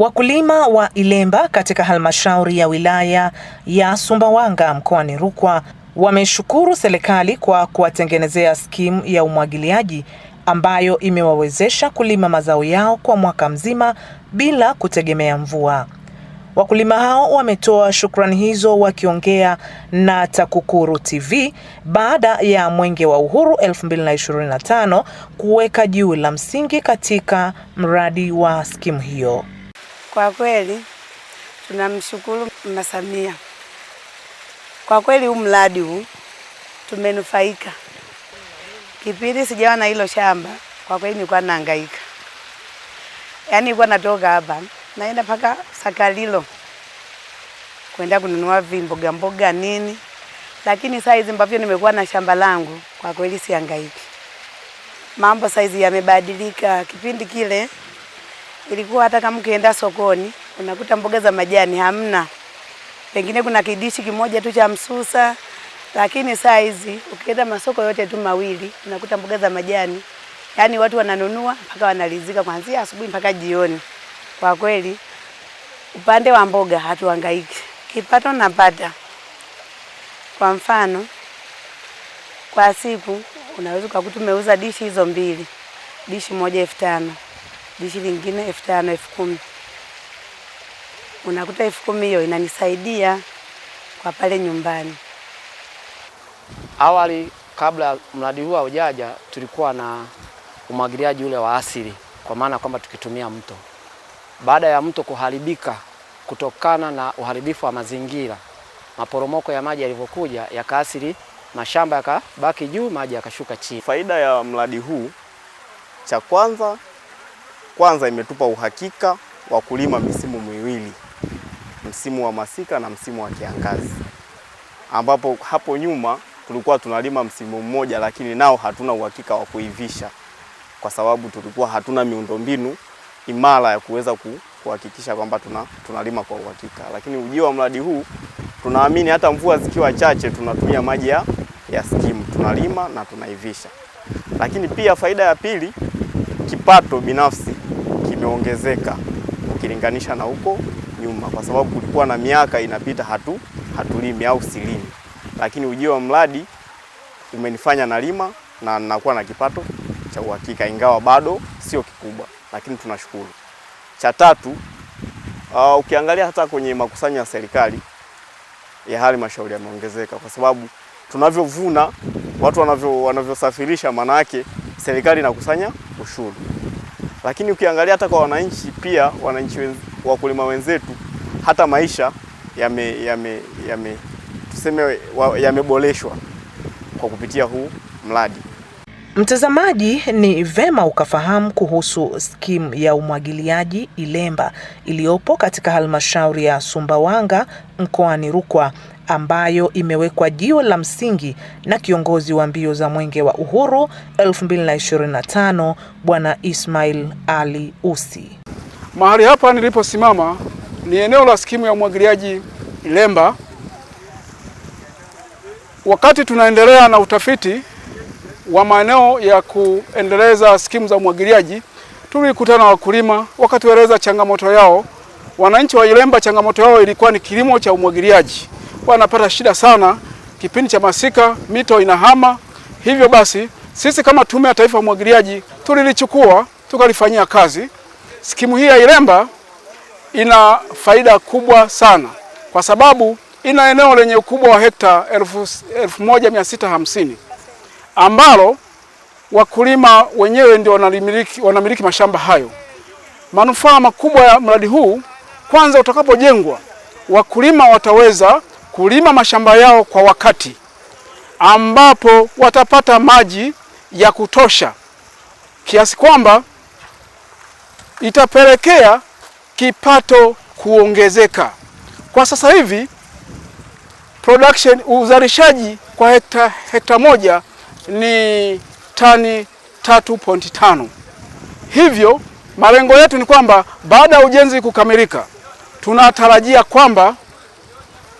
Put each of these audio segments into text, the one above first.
Wakulima wa Ilemba katika halmashauri ya wilaya ya Sumbawanga mkoani Rukwa wameshukuru serikali kwa kuwatengenezea skimu ya umwagiliaji ambayo imewawezesha kulima mazao yao kwa mwaka mzima bila kutegemea mvua. Wakulima hao wametoa shukrani hizo wakiongea na TAKUKURU TV baada ya Mwenge wa Uhuru 2025 kuweka jiwe la msingi katika mradi wa skimu hiyo. Kwa kweli tunamshukuru Mama Samia, kwa kweli huu mradi huu tumenufaika. Kipindi sijawa na hilo shamba, kwa kweli nilikuwa nahangaika, yaani nilikuwa natoka hapa naenda mpaka Sakalilo kwenda kununua vimboga mboga nini, lakini saa hizi ambavyo nimekuwa na shamba langu, kwa kweli sihangaiki. Mambo saa hizi yamebadilika. Kipindi kile ilikuwa hata kama ukienda sokoni unakuta mboga za majani hamna, pengine kuna kidishi kimoja tu cha msusa, lakini saa hizi ukienda masoko yote tu mawili unakuta mboga za majani, yaani watu wananunua mpaka wanalizika kuanzia asubuhi mpaka jioni. Kwa kweli upande wa mboga hatuhangaiki, kipato napata. Kwa mfano kwa siku unaweza ukakuta umeuza dishi hizo mbili, dishi moja elfu tano dishi lingine elfu tano elfu kumi unakuta elfu kumi hiyo inanisaidia kwa pale nyumbani. Awali kabla mradi huu haujaja, tulikuwa na umwagiliaji ule wa asili, kwa maana kwamba tukitumia mto. Baada ya mto kuharibika kutokana na uharibifu wa mazingira, maporomoko ya maji yalivyokuja yakaathiri mashamba, yakabaki juu, maji yakashuka chini. Faida ya mradi huu, cha kwanza kwanza imetupa uhakika wa kulima misimu miwili, msimu wa masika na msimu wa kiangazi, ambapo hapo nyuma tulikuwa tunalima msimu mmoja, lakini nao hatuna uhakika wa kuivisha kwa sababu tulikuwa hatuna miundombinu imara ya kuweza kuhakikisha kwamba tuna, tunalima kwa uhakika. Lakini ujio wa mradi huu tunaamini hata mvua zikiwa chache, tunatumia maji ya, ya skimu tunalima na tunaivisha. Lakini pia faida ya pili, kipato binafsi imeongezeka ukilinganisha na huko nyuma, kwa sababu kulikuwa na miaka inapita hatu hatulimi au silimi, lakini ujio wa mradi umenifanya nalima na nakuwa na kipato cha uhakika, ingawa bado sio kikubwa, lakini tunashukuru. Cha tatu, uh, ukiangalia hata kwenye makusanyo ya serikali ya halmashauri yameongezeka kwa sababu tunavyovuna watu wanavyo wanavyosafirisha, maana yake serikali inakusanya ushuru. Lakini ukiangalia hata kwa wananchi pia, wananchi wakulima wenzetu, hata maisha yame, yame, yame, tuseme yameboreshwa kwa kupitia huu mradi. Mtazamaji, ni vema ukafahamu kuhusu skimu ya umwagiliaji Ilemba iliyopo katika halmashauri ya Sumbawanga mkoani Rukwa ambayo imewekwa jiwe la msingi na kiongozi wa mbio za Mwenge wa Uhuru 2025 Bwana Ismail Ali Usi. Mahali hapa niliposimama ni eneo la skimu ya umwagiliaji Ilemba. Wakati tunaendelea na utafiti wa maeneo ya kuendeleza skimu za umwagiliaji, tulikutana na wakulima wakatueleza changamoto yao. Wananchi wa Ilemba changamoto yao ilikuwa ni kilimo cha umwagiliaji, wanapata shida sana kipindi cha masika, mito inahama. Hivyo basi sisi kama Tume ya Taifa ya Umwagiliaji tulilichukua tukalifanyia kazi. Skimu hii ya Ilemba ina faida kubwa sana kwa sababu ina eneo lenye ukubwa wa hekta elfu moja mia sita hamsini ambalo wakulima wenyewe ndio wanamiliki, wanamiliki mashamba hayo. Manufaa makubwa ya mradi huu, kwanza utakapojengwa, wakulima wataweza kulima mashamba yao kwa wakati, ambapo watapata maji ya kutosha kiasi kwamba itapelekea kipato kuongezeka. Kwa sasa hivi production, uzalishaji kwa hekta hekta moja ni tani 3.5. Hivyo malengo yetu ni kwamba baada ya ujenzi kukamilika, tunatarajia kwamba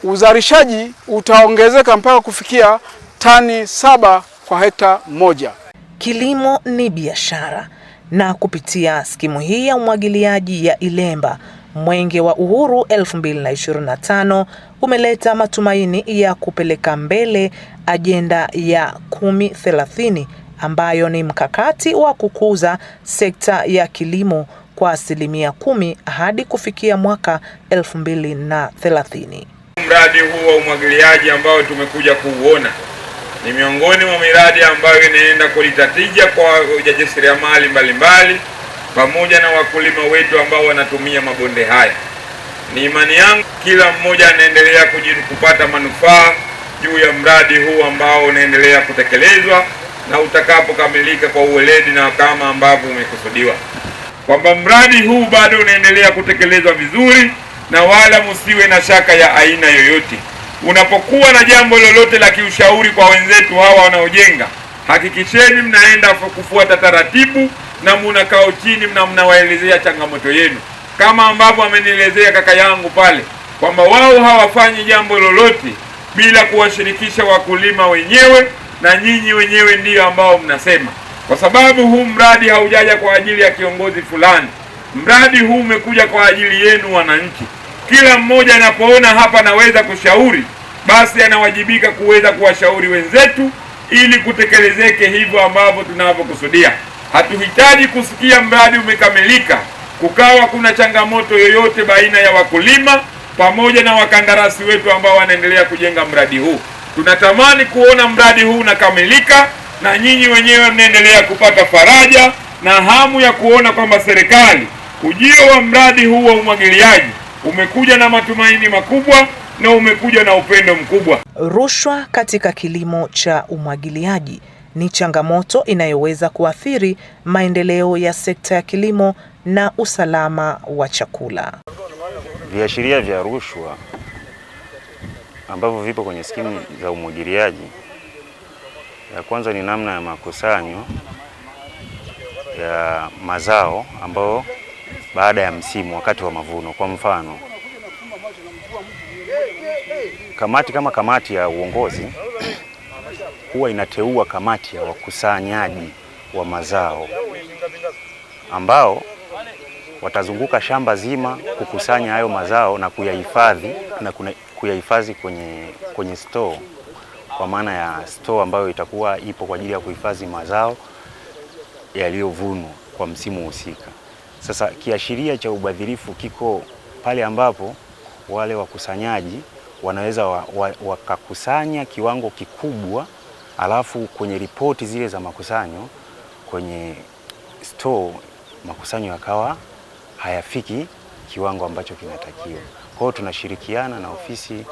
uzalishaji utaongezeka mpaka kufikia tani saba kwa hekta moja. Kilimo ni biashara na kupitia skimu hii ya umwagiliaji ya Ilemba Mwenge wa Uhuru 2025 umeleta matumaini ya kupeleka mbele ajenda ya 1030 ambayo ni mkakati wa kukuza sekta ya kilimo kwa asilimia kumi hadi kufikia mwaka 2030. Mradi huu wa umwagiliaji ambao tumekuja kuuona ni miongoni mwa miradi ambayo inaenda kulitatija tija kwa wajasiriamali mbalimbali pamoja na wakulima wetu ambao wanatumia mabonde haya. Ni imani yangu kila mmoja anaendelea kupata manufaa juu ya mradi huu ambao unaendelea kutekelezwa na utakapokamilika kwa uweledi na kama ambavyo umekusudiwa, kwamba mradi huu bado unaendelea kutekelezwa vizuri, na wala msiwe na shaka ya aina yoyote. Unapokuwa na jambo lolote la kiushauri kwa wenzetu hawa wanaojenga, hakikisheni mnaenda kufuata taratibu na mnakaa chini na mnawaelezea changamoto yenu, kama ambavyo amenielezea kaka yangu pale kwamba wao hawafanyi jambo lolote bila kuwashirikisha wakulima wenyewe, na nyinyi wenyewe ndiyo ambao mnasema, kwa sababu huu mradi haujaja kwa ajili ya kiongozi fulani. Mradi huu umekuja kwa ajili yenu wananchi. Kila mmoja anapoona hapa naweza kushauri, basi anawajibika kuweza kuwashauri wenzetu ili kutekelezeke hivyo ambavyo tunavyokusudia. Hatuhitaji kusikia mradi umekamilika kukawa kuna changamoto yoyote baina ya wakulima pamoja na wakandarasi wetu ambao wanaendelea kujenga mradi huu. Tunatamani kuona mradi huu unakamilika na nyinyi wenyewe mnaendelea kupata faraja na hamu ya kuona kwamba serikali, ujio wa mradi huu wa umwagiliaji umekuja na matumaini makubwa na umekuja na upendo mkubwa. Rushwa katika kilimo cha umwagiliaji ni changamoto inayoweza kuathiri maendeleo ya sekta ya kilimo na usalama wa chakula. Viashiria vya rushwa ambavyo vipo kwenye skimu za umwagiliaji, ya kwanza ni namna ya makusanyo ya mazao ambayo baada ya msimu, wakati wa mavuno. Kwa mfano, kamati kama kamati ya uongozi huwa inateua kamati ya wakusanyaji wa mazao ambao watazunguka shamba zima kukusanya hayo mazao na kuyahifadhi na kuyahifadhi kwenye, kwenye store kwa maana ya store ambayo itakuwa ipo kwa ajili ya kuhifadhi mazao yaliyovunwa kwa msimu husika. Sasa kiashiria cha ubadhirifu kiko pale ambapo wale wakusanyaji wanaweza wakakusanya wa, wa kiwango kikubwa alafu kwenye ripoti zile za makusanyo kwenye store makusanyo yakawa hayafiki kiwango ambacho kinatakiwa. Kwa hiyo tunashirikiana na ofisi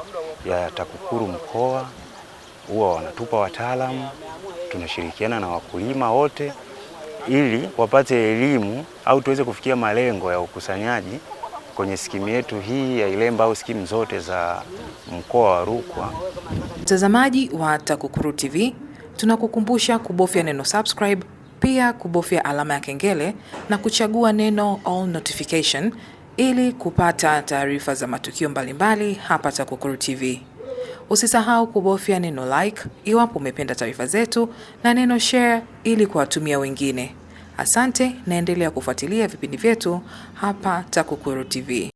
ya TAKUKURU mkoa, huwa wanatupa wataalamu, tunashirikiana na wakulima wote ili wapate elimu au tuweze kufikia malengo ya ukusanyaji kwenye skimu yetu hii ya Ilemba au skimu zote za mkoa wa Rukwa. Mtazamaji wa TAKUKURU TV, tunakukumbusha kubofya neno subscribe, pia kubofya alama ya kengele na kuchagua neno all notification ili kupata taarifa za matukio mbalimbali mbali hapa TAKUKURU TV. Usisahau kubofya neno like iwapo umependa taarifa zetu na neno share ili kuwatumia wengine. Asante, naendelea kufuatilia vipindi vyetu hapa TAKUKURU TV.